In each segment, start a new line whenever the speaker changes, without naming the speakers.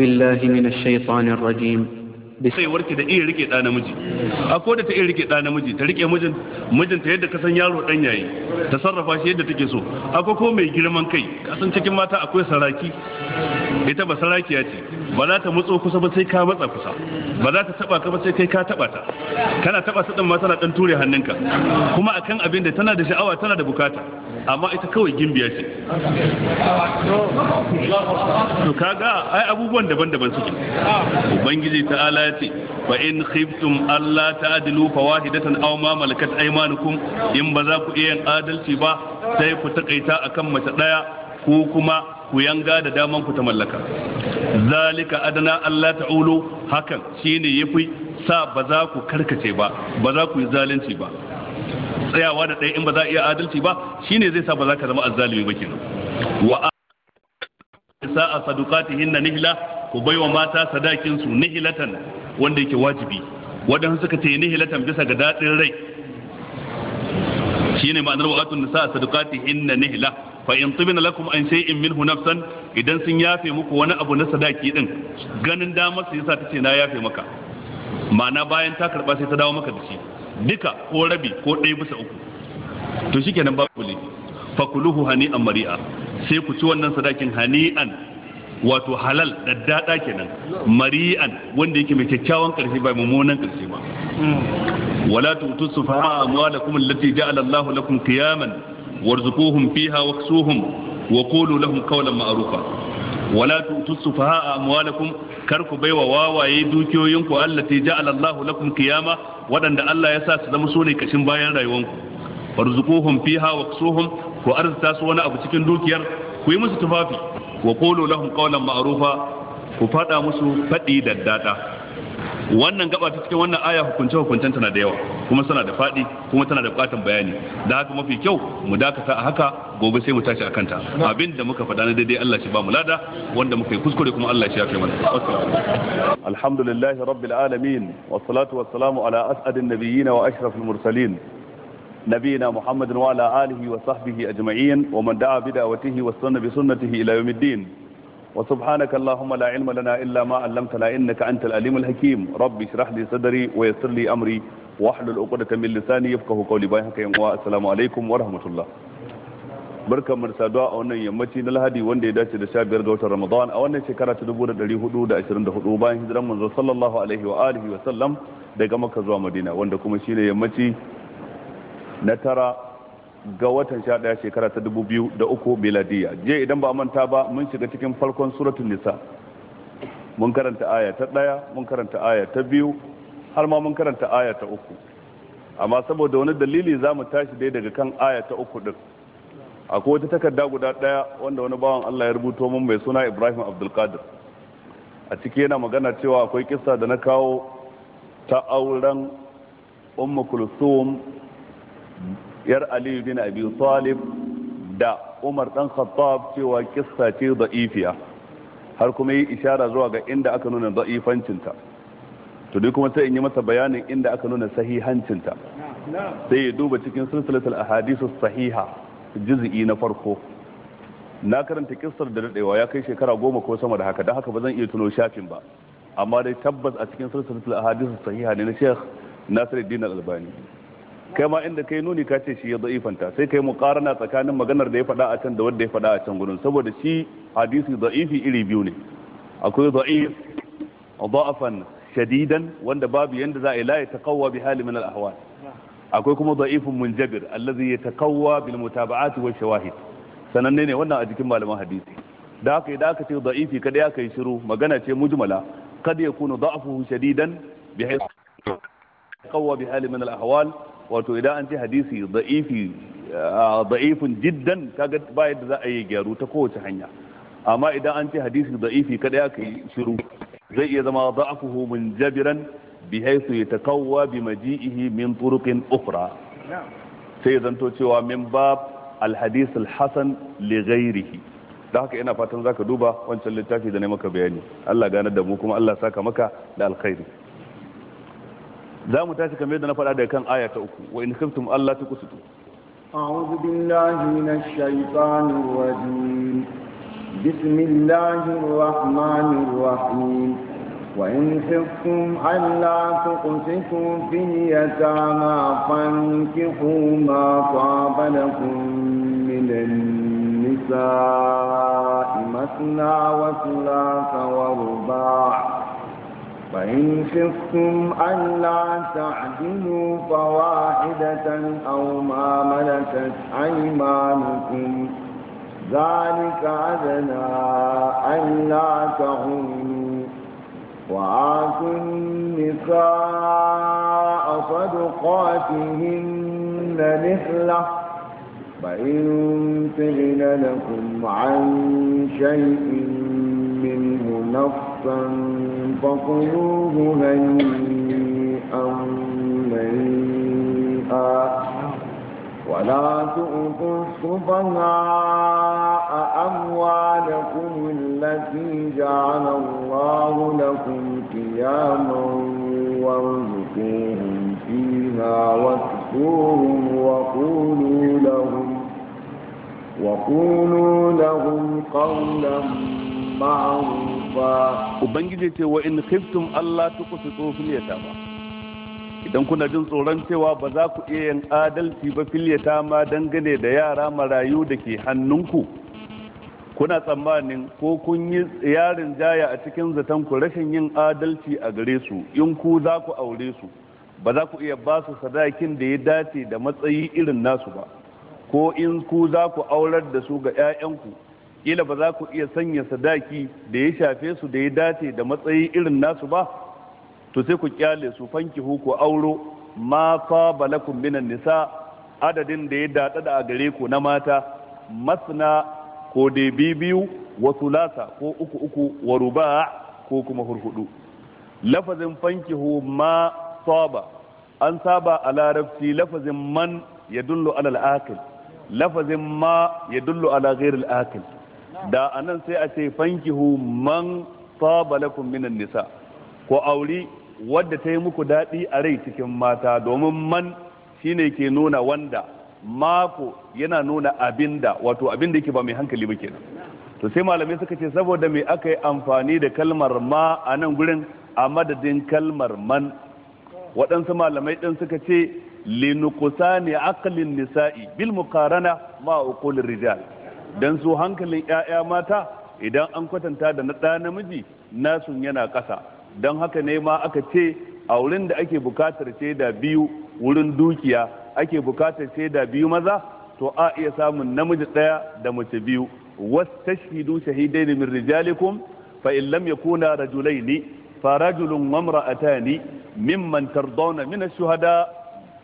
بالله من الشيطان الرجيم
sai warke da iya rike da namiji a ko da ta iya rike da namiji ta rike mijin mijin ta yadda kasan yaro dan yayi ta sarrafa shi yadda take so akwai ko mai girman kai kasan cikin mata akwai saraki ita ba sarakiya ce ba za ta mutso kusa ba sai ka matsa kusa ba za ta taba ka ba sai kai ka taba ta kana taba ta din ma tana dan ture hannunka kuma akan abin da tana da sha'awa tana da bukata amma ita kawai gimbiya ce to kaga ai abubuwan daban-daban suke ubangiji ta'ala ya ce fa in khiftum alla ta'dilu fawahidatan aw ma malakat aymanukum in ba za ku iya yin adalci ba sai ku takaita akan mace daya ko kuma ku yanga da daman ku ta mallaka zalika adana Allah ta'ulu hakan shine yafi sa ba za ku karkace ba ba za ku yi zalunci ba tsayawa da ɗaya in ba za a iya adalci ba shine zai sa ba za ka zama azzalimi ba kenan wa sa'a sadukatihin na nihila ku baiwa mata sadakin su nihilatan wanda yake wajibi wadan suka ce nihilatan bisa ga dadin rai shine ma'anar wa'atun nisa sadukatihin na nihila fa in tibna lakum an shay'in minhu nafsan idan sun yafe muku wani abu na sadaki din ganin damar su yasa tace na yafe maka ma'ana bayan ta karba sai ta dawo maka da shi duka ko rabi ko ɗaya bisa uku to shikenan babu laifi fa kuluhu hani'an mari'a sai ku ci wannan sadakin hani'an wato halal da dada kenan mari'an wanda yake mai kyakkyawan ƙarshe ba mummunan ƙarshe ba hmm. wala tu'tu sufaha amwalakum allati ja'ala Allahu lakum qiyaman warzuquhum fiha waksuhum wa qulu lahum qawlan ma'rufa wala tu'tus sufaha'a amwalakum kar ku bai baiwa wawaye dukiyoyinku allati ja'ala Allahu lakum qiyama wadanda Allah ya sa su zama sune kashin bayan rayuwanku warzuquhum fiha waksuhum ku arzuta su wani abu cikin dukiyar ku yi musu tufafi wa qulu lahum qawlan ma'rufa ku faɗa musu faɗi da daɗa. wannan gaba ta cikin wannan aya hukunce hukuncen tana da yawa kuma tana da faɗi kuma tana da buƙatar bayani da haka mafi kyau mu dakata a haka gobe sai mu tashi a kanta abin da muka faɗa na daidai Allah shi ba mu lada wanda muka yi kuskure kuma Allah shi ya kai mana alhamdulillahi rabbil alamin wassalatu wassalamu ala as'adin nabiyyina wa ashrafil mursalin نبينا محمد وعلى آله وصحبه أجمعين ومن دعا بدعوته واستنى بسنته إلى يوم الدين وسبحانك اللهم لا علم لنا إلا ما علمتنا إنك أنت العليم الحكيم ربي اشرح لي صدري ويسر لي أمري واحلل عقدة من لساني يفقهوا قولي باي حكيم والسلام عليكم ورحمة الله barkan mu saduwa a wannan yammaci na Lahadi wanda ya dace da 15 ga watan Ramadan a wannan shekara ta hudu bayan hijiran manzo sallallahu alaihi wa alihi wa sallam daga maka zuwa Madina wanda kuma shine yammaci na tara ga watan sha ɗaya shekara ta dubu biyu da uku miladiyya je idan ba manta ba mun shiga cikin farkon suratun nisa mun karanta aya ta ɗaya mun karanta aya ta biyu har ma mun karanta aya ta uku amma saboda wani dalili za mu tashi dai daga kan aya ta uku ɗin akwai wata takarda guda ɗaya wanda wani bawan Allah ya rubuto mun mai suna Ibrahim Abdulkadir a ciki yana magana cewa akwai kisa da na kawo ta auren Ummu Kulsum yar aliyu bin abi talib da umar dan khattab cewa kissa ce da'ifiya har kuma yi ishara zuwa ga inda aka nuna da'ifancinta to dai kuma sai in yi masa bayanin inda aka nuna sahihancinta sai ya duba cikin silsilatul ahadithus sahiha juz'i na farko na karanta kissar da dadewa ya kai shekara goma ko sama da haka dan haka ba zan iya tuno shafin ba amma dai tabbas a cikin silsilatul ahadithus sahiha ne na Sheikh Nasiruddin Al-Albani kai ma inda kai nuni ka ce shi ya da'ifanta sai kai muqarana tsakanin maganar da ya faɗa a can da wanda ya faɗa a can gurin saboda shi hadisi da'ifi iri biyu ne akwai da'if da'afan shadidan wanda babu yanda za a yi la ya taqawwa bi hali min al-ahwal akwai kuma da'ifun munjabir allazi yatakawwa bil mutaba'ati wa shawahid sananne ne wannan a jikin malaman hadisi da haka idan aka ce da'ifi kada ya kai shiru magana ce mujmala kada ya kunu da'afuhu shadidan bi haythu bi hali min al-ahwal wato idan an ce hadisi da'ifi da'ifin jiddan kaga ba da za a yi gyaru ta kowace hanya amma idan an ce hadisi da'ifi kada ya kai shiru zai iya zama da'afuhu min jabiran bi ta yatakawwa bi maji'ihi min turukin ufra sai zanto cewa min ba alhadis hadith li da haka ina fatan zaka duba wancan littafi da ne maka bayani Allah ganar da mu kuma Allah saka maka da alkhairi za mu tashi kamar yadda na faɗa daga kan aya ta uku wa in kuntum Allah ta kusutu
أعوذ بالله من الشيطان الرجيم بسم الله الرحمن الرحيم وإن خفتم ألا تقسطوا في اليتامى فانكحوا ما طاب لكم من النساء مثنى وثلاث ورباع فإن خفتم ألا تعدلوا فواحدة أو ما ملكت أيمانكم ذلك أدنى ألا تعولوا وآتوا النساء صدقاتهن نحلة فإن تغن لكم عن شيء نفسا فخذوه هنيئا مريئا ولا تؤتوا السفهاء أموالكم التي جعل الله لكم قياما وارزقوهم فيها واكسوهم وقولوا لهم وقولوا لهم قولا معروفا
ubangiji ce wa in khiftum Allah ta tuqsitu fil ba. idan kuna jin tsoron cewa ba za ku iya yin adalci ba filiyata ma dangane da yara marayu da ke hannunku kuna tsammanin ko kun yi yarin jaya a cikin zaton ku rashin yin adalci a gare su in ku za ku aure su ba za ku iya ba su sadakin da ya dace da matsayi irin nasu ba ko in ku za ku aurar da su ga 'ya'yanku kila ba za ku iya sanya sadaki da ya shafe su da ya dace da matsayi irin nasu ba to sai ku kyale su fanki ku auro ma fa balakum minan nisa adadin da ya dada da a gare ku na mata masna ko da biyu wa sulasa ko uku uku wa ruba ko kuma hurhudu lafazin hu ma saba an saba a larabci lafazin man ya dullo alal lafazin ma ya dullo ala ghairil akil da anan sai a ce fankihu man fabalakum minan nisa ko auri wadda ta yi muku daɗi a rai cikin mata domin man shine ke nuna wanda mako yana nuna abinda wato abinda yake ba mai hankali ba kenan to sai malamai suka ce saboda me aka yi amfani da kalmar ma a nan gurin a madadin kalmar man waɗansu malamai ɗin suka ce linukusani aqlin nisa'i bil muqarana ma uqul rijal dan su hankalin ƴaƴa mata idan an kwatanta da na ɗa namiji nasun yana ƙasa don haka ne ma aka ce a wurin da ake bukatar da biyu wurin dukiya ake bukatar da biyu maza to a iya samun namiji ɗaya da mace biyu was tashhidu shahidaini min rijalikum fa in lam yakuna rajulaini fa rajulun wa imra'atani mimman tardawna min ash-shuhada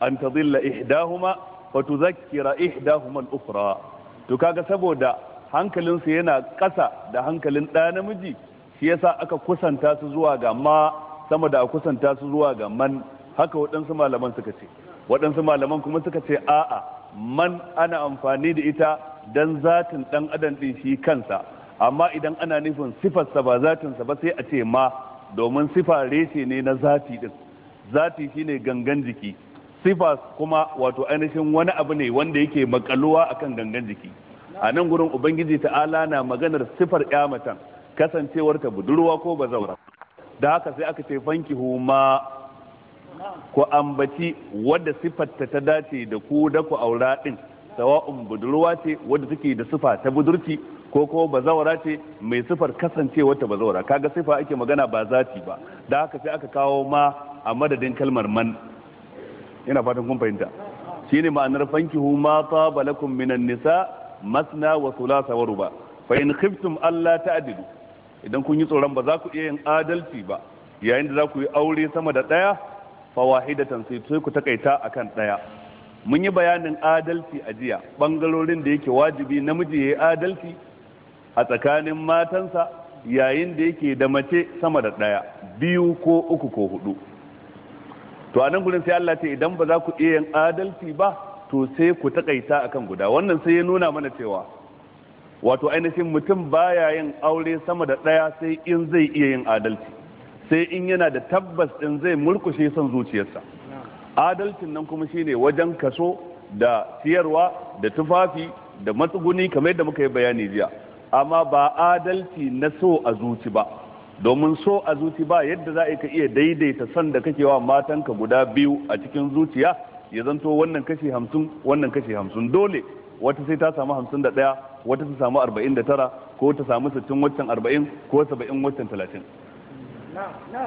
an tadilla ihdahuma fa tudhakkira ihdahuma al-ukhra to kaga saboda hankalinsu yana ƙasa da hankalin ɗaya namiji shi yasa aka kusanta su zuwa ga ma sama da a kusanta su zuwa ga man haka waɗansu malaman suka ce waɗansu malaman kuma suka ce a'a man ana amfani da ita don zatin ɗan adam ɗin shi kansa amma idan ana nufin sifarsa ba zatinsa ba sai a ce ma domin sifa reshe ne na zati ɗin zati shine gangan jiki sifas kuma wato ainihin wani abu ne wanda yake makaluwa akan gangan jiki a nan gurin ubangiji ta'ala na maganar sifar kyamatan kasancewarta budurwa ko bazaura da haka sai aka ce fanki huma ku ambaci wadda sifarta ta dace da ku da ku aura din sawa'un budurwa ce wadda take da sifa ta budurci ko kuma bazawara ce mai sifar kasancewarta bazawara kaga sifa ake magana ba zati ba da haka sai aka kawo ma a madadin kalmar man yana fatan kun fahimta shine ma'anar fanki hu ma taba lakum minan nisa masna wa thulatha wa ruba fa in khiftum alla ta'dilu idan kun yi tsoron ba za ku iya yin adalci ba yayin da za ku yi aure sama da daya fa wahidatan sai ku takaita akan daya mun yi bayanin adalci a jiya bangarorin da yake wajibi namiji ya yi adalci a tsakanin matansa yayin da yake da mace sama da daya biyu ko uku ko hudu to a nan gudun sai Allah ce idan ba za ku iya yin adalci ba to sai ku takaita akan guda wannan sai ya nuna mana cewa wato ainihin mutum baya yin aure sama da ɗaya sai in zai iya yin adalci sai in yana da tabbas din zai murkushe son zuciyarsa adalcin nan kuma shine wajen kaso da ciyarwa da tufafi da matsuguni kamar yadda muka yi bayani jiya amma ba adalci na so a zuci ba domin so a zuci ba yadda za ka iya daidaita son da kake wa matanka guda biyu a cikin zuciya ya zanto wannan kashi hamsin wannan kashi hamsin dole wata sai ta samu hamsin da ɗaya wata ta samu arba'in da tara ko ta samu sittin waccan arba'in ko saba'in waccan talatin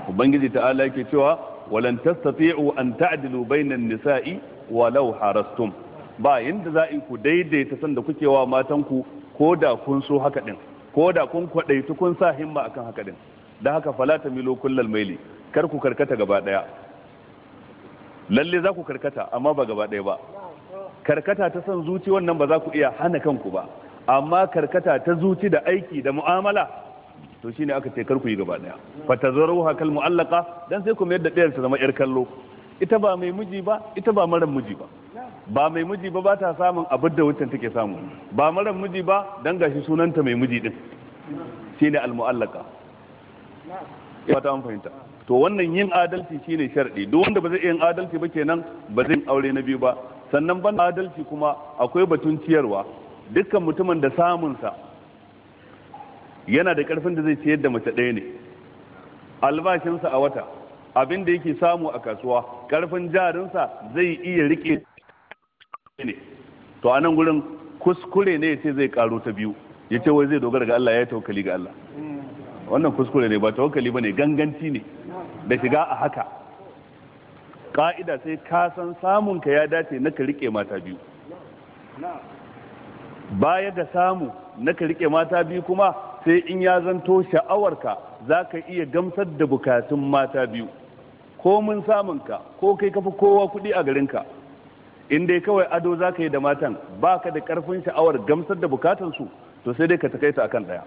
ubangiji ta'ala yake cewa walan tastati'u an ta'dilu bainan nisa'i walau harastum ba yadda za ku daidaita san da kuke wa matanku ko da kun so haka din ko da kun kwadaitu kun sa himma akan haka din da haka falata milo kullal maili kar ku karkata gaba daya lalle za ku karkata amma ba gaba daya ba karkata ta san zuci wannan ba za ku iya hana kanku ba amma karkata ta zuci da aiki da mu'amala to shine aka ce kar ku yi gaba daya fatazruha kal mu'allaqa dan sai ku mayar da ɗayar ta zama yar kallo ita ba mai miji ba ita ba maran miji ba ba mai miji ba ba ta samun abin da wancan take samu ba maran miji ba dan gashi sunanta mai miji din shine al mu'allaqa ya ta fahimta to wannan yin adalci shine sharɗi duk wanda ba zai yin adalci ba kenan ba zai aure na biyu ba sannan ban adalci kuma akwai batun ciyarwa dukkan mutumin da samunsa yana da karfin da zai ciyar da mace ɗaya ne albashinsa a wata abin da yake samu a kasuwa karfin jarinsa zai iya rike ne to anan wurin gurin kuskure ne ya ce zai karo ta biyu ya ce wai zai dogara ga Allah ya tawakkali ga Allah wannan kuskure ne ba tawakkali bane ganganci ne da shiga a haka ka'ida sai ka san samun ka ya dace na ka rike mata biyu baya ga samu na ka rike mata biyu kuma sai in ya zanto sha'awarka za ka iya gamsar da bukatun mata biyu ko mun samun ka ko kai kafi kowa kuɗi a garin ka in dai kawai ado za ka yi da matan ba ka da ƙarfin sha'awar gamsar da bukatansu to sai dai ka a akan ɗaya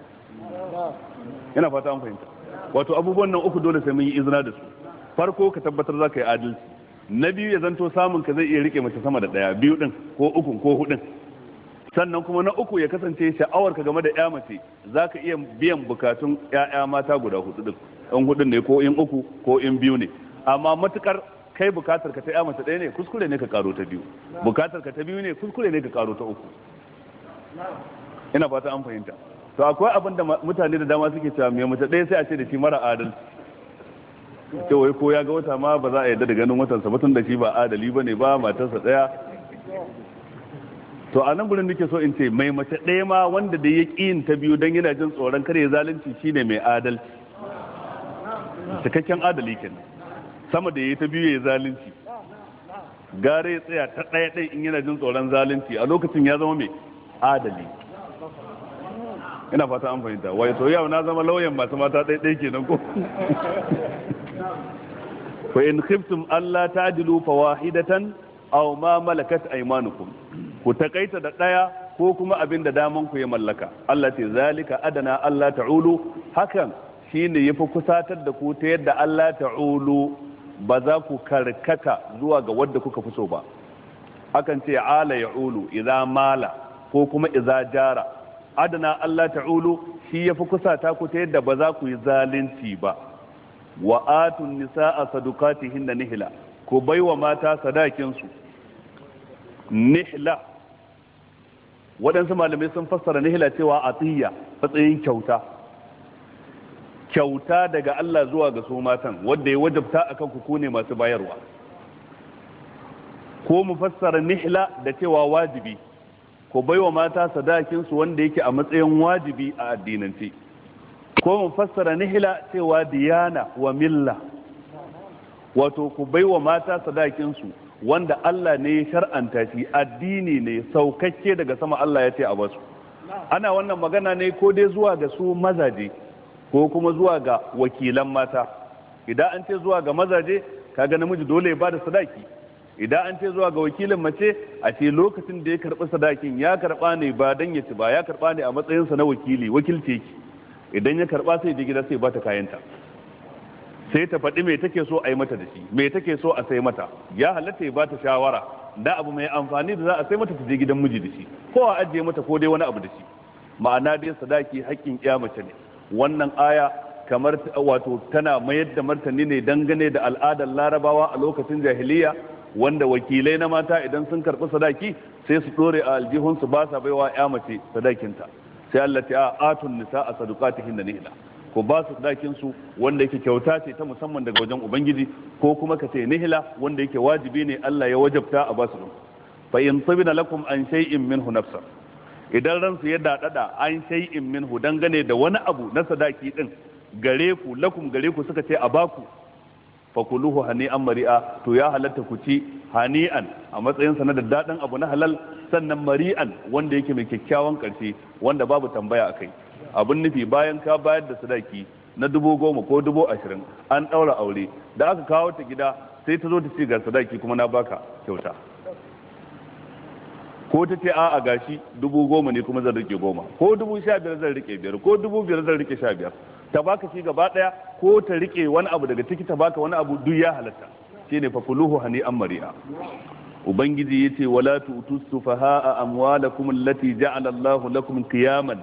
yana fata an fahimta wato abubuwan nan uku dole sai mun yi izina da su farko ka tabbatar za ka yi adalci na biyu ya zanto samun ka zai iya rike mace sama da daya biyu din ko uku ko hudun sannan kuma na uku ya kasance sha'awar ka game da ya mace za ka iya biyan bukatun ya'ya mata guda hudu din in hudun ne ko in uku ko in biyu ne amma matukar kai bukatar ka ta ya mace ɗaya ne kuskure ne ka karo ta biyu bukatar ka ta biyu ne kuskure ne ka karo ta uku ina fata an fahimta to akwai abin da mutane da dama suke cewa mai mace ɗaya sai a ce da shi mara adalci ce wai ko ya ga wata ma ba za a yarda da ganin watansa ba tun da shi ba adali ba ne ba matarsa ɗaya to a nan gurin nake so in ce mai mace ɗaya ma wanda da ya yin ta biyu don yana jin tsoron kare zalunci shine mai adalci cikakken adali kenan sama da ya yi ta biyu ya yi zalunci gare ya tsaya ta ɗaya ɗaya in yana jin tsoron zalunci a lokacin ya zama mai adali ina fata an fahimta wai to yau na zama lauyan masu mata ɗaiɗai kenan ko fa in khiftum alla tadilu fawahidatan aw ma malakat aymanukum ku takaita da ɗaya ko kuma abin da daman ku ya mallaka Allah ce zalika adana Allah ta'ulu hakan shine yafi kusatar da ku ta yadda Allah ta'ulu ba za ku karkata zuwa ga wadda kuka fi so ba akan ce ala ya'ulu idza mala ko kuma idza jara adana Allah ta'ulu shi yafi kusa ta ku ta yadda ba za ku yi zalunci ba wa atun nisa'a sadukatihinna nihla ku baiwa mata sadakinsu. su waɗansu malamai sun fassara nihla cewa atiya matsayin kyauta kyauta daga Allah zuwa ga su matan wanda ya wajabta akan ku ku masu bayarwa ko mu fassara nihila da cewa wajibi ku baiwa mata sadakinsu wanda yake a matsayin wajibi a addinance ko mu fassara nihila cewa diyana wa milla wato ku baiwa mata sadakinsu wanda Allah ne ya shar'anta shi addini ne saukakke daga sama Allah ya ce a basu ana wannan magana ne ko dai zuwa ga su mazaje ko kuma zuwa ga wakilan mata idan an ce zuwa ga mazaje ka ga namiji dole ya bada sadaki idan an ce zuwa ga wakilin mace a ce lokacin da ya karɓi sadakin ya karɓa ne ba dan ya ci ba ya karɓa ne a matsayinsa na wakili wakilce ki idan ya karɓa sai je gida sai ba ta kayanta sai ta faɗi me take so a yi mata da shi me take so a sai mata ya halatta ya ba ta shawara da abu mai amfani da za a sai mata ta je gidan miji da shi ko a ajiye mata ko dai wani abu da shi ma'ana dai sadaki haƙƙin iya mace ne wannan aya kamar wato tana mayar da martani ne dangane da al'adar larabawa a lokacin jahiliya wanda wakilai na mata idan sun karɓi sadaki sai su ɗore a aljihunsu ba sa baiwa ya mace sadakinta sai Allah ta atun nisa a sadukatihin da nihila ko ba su sadakin su wanda yake kyauta ce ta musamman daga wajen ubangiji ko kuma ka ce nihila wanda yake wajibi ne Allah ya wajabta a ba su din fa in tabina lakum an shay'in minhu nafsan idan ransu ya dadada an shay'in minhu dangane da wani abu na sadaki din gare ku lakum gare ku suka ce a baku fakuluhu hani'an mari'a to ya halatta ku ci hani'an a matsayin sa na daddaɗin abu na halal sannan mari'an wanda yake mai kyakkyawan karshe wanda babu tambaya a kai abin nufi bayan ka bayar da sadaki na dubu goma ko dubu ashirin an ɗaura aure da aka kawo ta gida sai ta zo ta ci ga sadaki kuma na baka kyauta ko ta ce a'a gashi dubu goma ne kuma zan rike goma ko dubu sha biyar zan rike biyar ko dubu biyar zan rike sha biyar ta baka shi gaba daya ko ta rike wani abu daga ciki ta baka wani abu duk ya halatta shine fa kuluhu hani an mari'a ubangiji yace wala tu'tu sufaha'a amwalakum allati ja'ala Allahu lakum qiyaman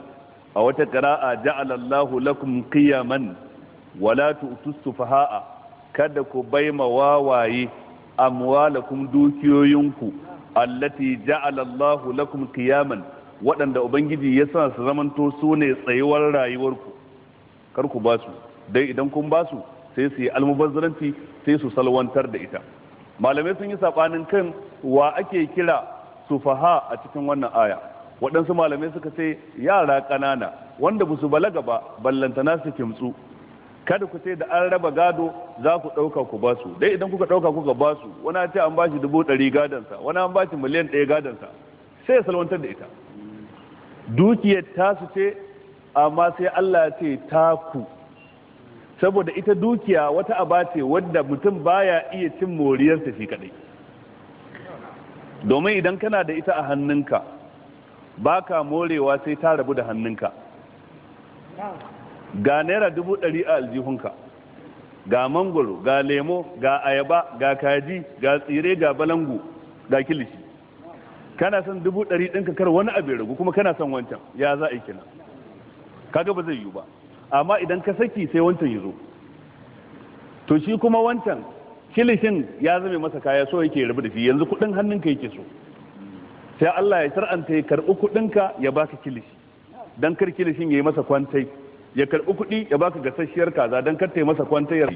a wata qira'a ja'ala Allahu lakum qiyaman wala tu'tu sufaha'a kada ku baima wawaye amwalakum dukiyoyinku allati ja'ala Allahu lakum qiyaman waɗanda ubangiji ya sa su zamanto su ne tsayuwar rayuwarku kar ku basu dai idan kun basu sai su yi almubazzaranci sai su salwantar da ita malamai sun yi sabanin kan wa ake kira sufaha a cikin wannan aya waɗansu malamai suka ce yara ƙanana wanda ba su balaga ba ballantana su kimtsu kada ku ce da an raba gado za ku ɗauka ku ba su dai idan kuka ɗauka kuka ba su wani ce an ba shi dubu ɗari gadansa wani an ba shi miliyan ɗaya gadansa sai ya salwantar da ita dukiyar tasu ce amma sai Allah ya ce ku saboda ita dukiya wata aba ce wadda mutum baya iya cin moriyarsa shi kadai domin idan kana da ita a hannunka baka morewa sai ta rabu da hannunka ga naira dubu ɗari a aljihunka ga mangoro ga lemo ga ayaba ga kaji ga tsire ga balangu ga kilishi kana son dubu ɗari ɗinka kar wani abu ragu kuma kana son wancan ya za a yi kina kaga ba zai yiwu ba amma idan ka saki sai wancan ya zo to shi kuma wancan kilishin ya zame masa kaya so yake rabu da shi yanzu kuɗin hannunka yake so sai Allah ya shar'anta ya karɓi kuɗinka ya baka kilishi dan kar kilishin ya yi masa kwantai ya karbi kuɗi ya baka gasasshiyar kaza don kar masa kwantayar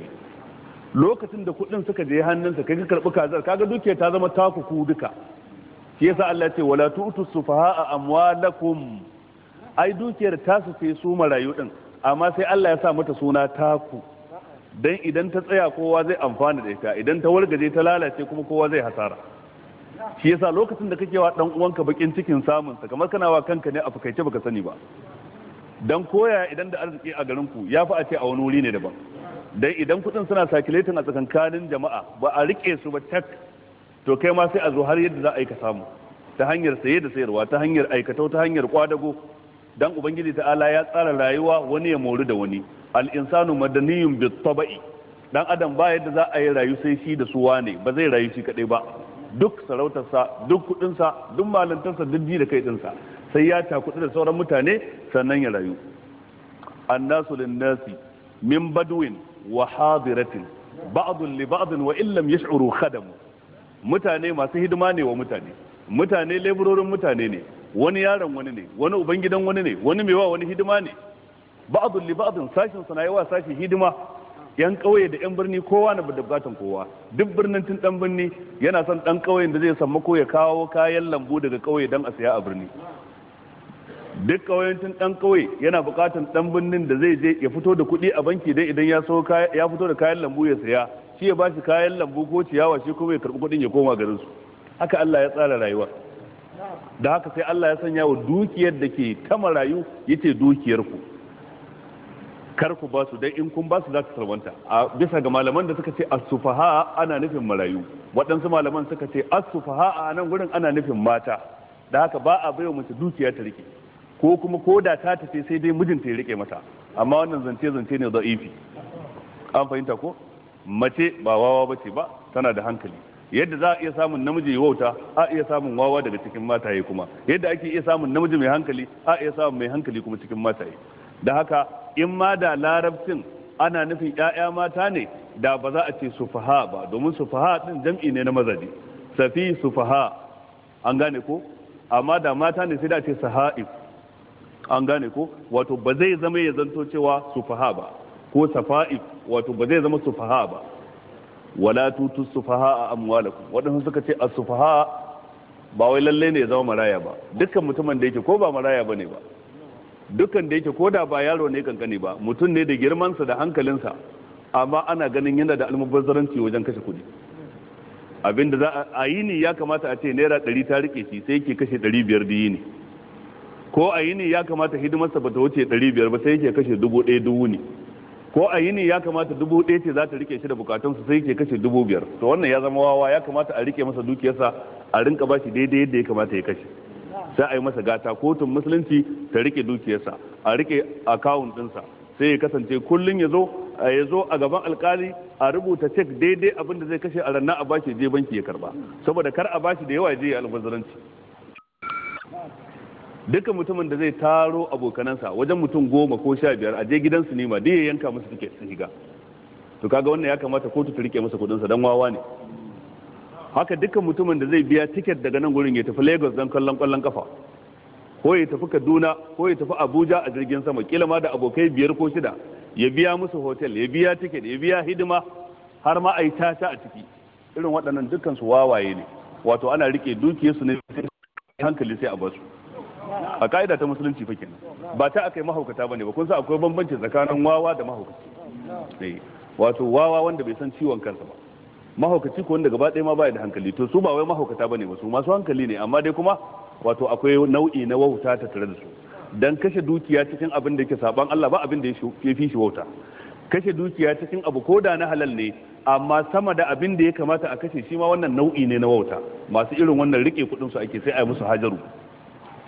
lokacin da kuɗin suka je hannunsa kai ka karbi kazar kaga dukiya ta zama taku ku duka shi yasa Allah ce wala tu'tu sufaha amwalakum ai dukiyar su sai su marayu din amma sai Allah ya sa mata suna taku dan idan ta tsaya kowa zai amfana da ita idan ta wargaje ta lalace kuma kowa zai hasara shi yasa lokacin da kake wa dan uwanka bakin cikin samun sa kamar kana wa kanka ne a fakaice baka sani ba dan koya idan da arziki a garin ku ya fi a ce a wani wuri ne daban dan idan kudin suna circulating a tsakankanin jama'a ba a rike su ba tak to kai ma sai a zo har yadda za a yi ka samu ta hanyar saye da sayarwa ta hanyar aikatau ta hanyar kwadago dan ubangiji ta'ala ya tsara rayuwa wani ya mori da wani al insanu madaniyun bi tabai dan adam ba yadda za a yi rayu sai shi da suwa ne ba zai rayu shi kadai ba duk sarautarsa duk kudinsa duk malantarsa duk ji da kai dinsa sai ya taku da sauran mutane sannan ya rayu annasu nasi min badwin wa hadiratin ba'd li ba'd wa illam yash'uru khadam mutane masu hidima ne wa mutane mutane leburorin mutane ne wani yaron wani ne wani ubangidan wani ne wani mewa wani hidima ne ba'd li ba'd sashin sana sashi hidima yan kauye da yan birni kowa na da bukatan kowa duk birnin tun dan birni yana son dan kauyen da zai samu ko ya kawo kayan lambu daga kauye dan a siya a birni duk kawayancin ɗan kauye yana bukatan dan birnin da zai je ya fito da kuɗi a banki dai idan ya so ya fito da kayan lambu ya saya shi ya bashi kayan lambu ko ciyawa shi kuma ya karbi kuɗin ya koma garin su haka Allah ya tsara rayuwa da haka sai Allah ya sanya wa dukiyar da ke ta marayu yace dukiyar ku kar ku ba su dai in kun ba su za ta salwanta a bisa ga malaman da suka ce as-sufaha ana nufin marayu waɗansu malaman suka ce as-sufaha a nan gurin ana nufin mata da haka ba a baiwa mace dukiya ta rike ko kuma ko da ta tafi sai dai mijinta ya rike mata amma wannan zance zance ne da ifi an fahimta ko mace ba wawa ba ce ba tana da hankali yadda za a iya samun namiji ya wauta a iya samun wawa daga cikin mataye kuma yadda ake iya samun namiji mai hankali a iya samun mai hankali kuma cikin mataye da haka in ma da larabcin ana nufin 'ya'ya mata ne da ba za a ce sufaha ba domin sufaha din jam'i ne na mazaje safi sufaha an gane ko amma da mata ne sai da ce saha'if an gane ko wato ba zai zama ya zanto cewa sufaha ba ko safa'i wato ba zai zama sufaha ba wala tutu sufaha a amwalakum waɗansu suka ce a sufaha ba wai lalle ne ya zama maraya ba dukkan mutumin da yake ko ba maraya bane ba dukkan da yake ko da ba yaro ne kankani ba mutum ne da girmansa da hankalinsa amma ana ganin yana da almubazzaranci wajen kashe kuɗi abinda za a yi ne ya kamata a ce naira 100 ta rike shi sai yake kashe 500 biyar da yi ne ko a yini ya kamata hidimarsa ba ta wuce 500 biyar ba sai yake kashe dubu ɗaya dubu ne ko a yini ya kamata dubu ɗaya ce za ta rike shi da bukatunsa sai yake kashe dubu biyar to wannan ya zama wawa ya kamata a rike masa dukiyarsa a rinka ba shi daidai yadda ya kamata ya kashe sai a yi masa gata kotun musulunci ta rike dukiyarsa a rike akawun ɗinsa sai ya kasance kullum ya zo ya zo a gaban alkali a rubuta cek daidai abinda zai kashe a ranar a bashi je banki ya karba saboda kar a bashi da yawa je ya albazaranci dukkan mutumin da zai taro abokanansa wajen mutum goma ko sha biyar a je gidan sinima da ya yanka musu tiket su shiga to kaga wannan ya kamata kotu ta rike masa kudinsa dan wawa ne haka dukkan mutumin da zai biya tiket daga nan gurin ya tafi Lagos don kallon kwallon kafa ko ya tafi Kaduna ko ya tafi Abuja a jirgin sama kila ma da abokai biyar ko shida ya biya musu hotel ya biya tiket ya biya hidima har ma a yi tata a ciki irin waɗannan dukkan su wawaye ne wato ana rike dukiyarsu ne hankali sai a basu a ka'ida ta musulunci fa kenan ba ta akai mahaukata bane ba kun san akwai bambanci tsakanin wawa da mahaukaci eh, wato wawa wanda bai san ciwon kansa ba mahaukaci ko wanda gaba ɗaya ma baya da hankali to su ba wai mahaukata bane ba su masu hankali ne amma dai kuma wato akwai nau'i na wauta ta tare da su dan kashe dukiya cikin abin da yake saban Allah ba abin da ya fi shi wauta kashe dukiya cikin abu ko da na halal ne amma sama da abin da ya kamata a kashe shi ma wannan nau'i ne na wauta masu irin wannan rike kudin su ake sai a yi musu hajaru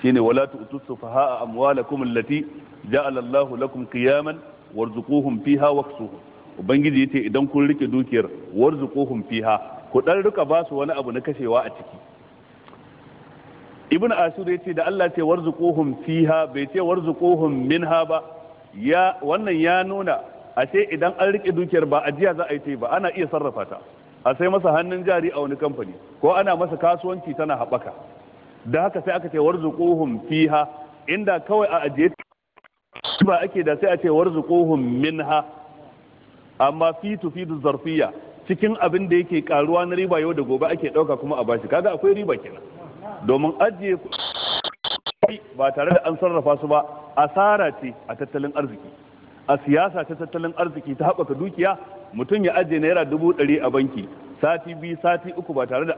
shine wala tu'tu sufaha'a amwalakum allati ja'ala Allahu lakum qiyaman warzuquhum fiha waksuhum ubangiji yace idan kun rike dukiyar warzuquhum fiha ku dan rika ba su wani abu na kashewa a ciki ibnu asir yace da Allah ce warzuquhum fiha bai ce warzuquhum minha ba ya wannan ya nuna ashe idan an rike dukiyar ba ajiya za a yi ta ba ana iya sarrafa ta a sai masa hannun jari a wani kamfani ko ana masa kasuwanci tana haɓaka da haka sai aka ce warzuquhum fiha inda kawai a ajiye ba ake da sai a ce warzuquhum minha amma fi tufidu zarfiya cikin abin da yake karuwa na riba yau da gobe ake dauka kuma a bashi kaga akwai riba kenan domin ajiye ba tare da an sarrafa su ba asara ce a tattalin arziki a siyasa ta tattalin arziki ta haɓaka dukiya mutum ya ajiye naira dubu ɗari a banki sati biyu sati uku ba tare da